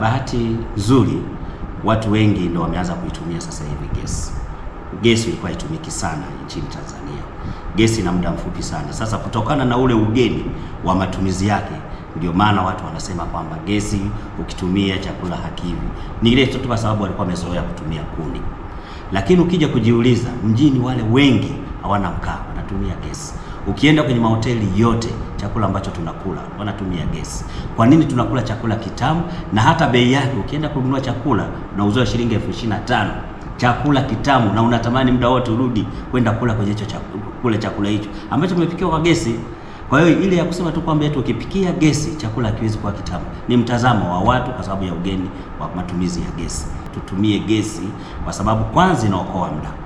Bahati nzuri watu wengi ndio wameanza kuitumia sasa hivi gesi. Gesi ilikuwa haitumiki sana nchini Tanzania, gesi na muda mfupi sana. Sasa kutokana na ule ugeni wa matumizi yake, ndio maana watu wanasema kwamba gesi ukitumia chakula hakivi. Ni ile tu kwa sababu walikuwa wamezoea kutumia kuni, lakini ukija kujiuliza, mjini wale wengi hawana mkaa, wanatumia gesi. Ukienda kwenye mahoteli yote chakula ambacho tunakula wanatumia gesi. Kwa nini tunakula chakula kitamu na hata bei yake? Ukienda kununua chakula unauziwa shilingi elfu ishirini na tano chakula kitamu, na unatamani muda wote urudi kwenda kula kwenye hicho chakula, chakula hicho ambacho kimepikiwa kwa gesi. Kwa hiyo ile ya kusema tu kwamba eti ukipikia gesi chakula hakiwezi kuwa kitamu ni mtazamo wa watu, kwa sababu ya ugeni wa matumizi ya gesi. Tutumie gesi kwa sababu kwanza inaokoa muda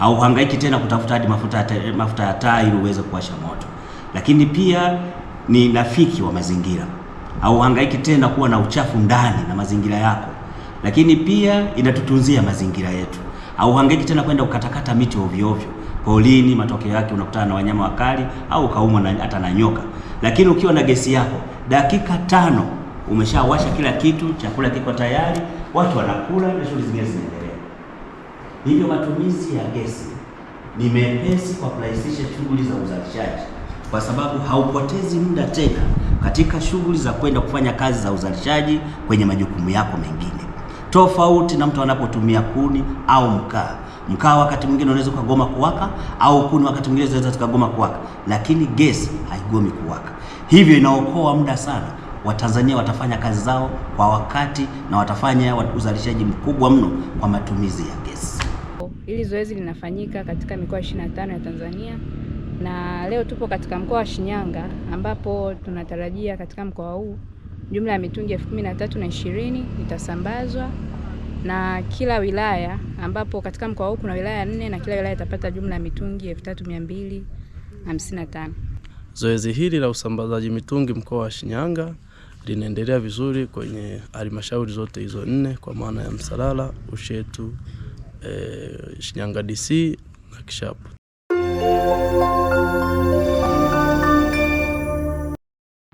hauhangaiki tena kutafuta hadi mafuta mafuta ya taa ili uweze kuwasha moto, lakini pia ni rafiki wa mazingira, hauhangaiki tena kuwa na uchafu ndani na mazingira yako, lakini pia inatutunzia mazingira yetu, hauhangaiki tena kwenda kukatakata miti ovyo ovyo polini. Matokeo yake unakutana na wanyama wakali au na hata na nyoka. Lakini ukiwa na gesi yako, dakika tano umeshawasha kila kitu, chakula kiko tayari, watu wanakula na shughuli zingine zinaendelea. Hivyo matumizi ya gesi ni mepesi kwa kurahisisha shughuli za uzalishaji, kwa sababu haupotezi muda tena katika shughuli za kwenda kufanya kazi za uzalishaji kwenye majukumu yako mengine, tofauti na mtu anapotumia kuni au mkaa. Mkaa wakati mwingine unaweza ukagoma kuwaka, au kuni wakati mwingine zinaweza zikagoma kuwaka, lakini gesi haigomi kuwaka, hivyo inaokoa muda sana. Watanzania watafanya kazi zao kwa wakati na watafanya uzalishaji mkubwa mno kwa matumizi ya gesi. Hili zoezi linafanyika katika mikoa 25 ya Tanzania na leo tupo katika mkoa wa Shinyanga ambapo tunatarajia katika mkoa huu jumla ya mitungi elfu kumi na tatu na ishirini itasambazwa na kila wilaya, ambapo katika mkoa huu kuna wilaya nne na kila wilaya itapata jumla ya mitungi elfu tatu mia mbili hamsini na tano. Zoezi hili la usambazaji mitungi mkoa wa Shinyanga linaendelea vizuri kwenye halmashauri zote hizo nne kwa maana ya Msalala, Ushetu e, Shinyanga DC na kisha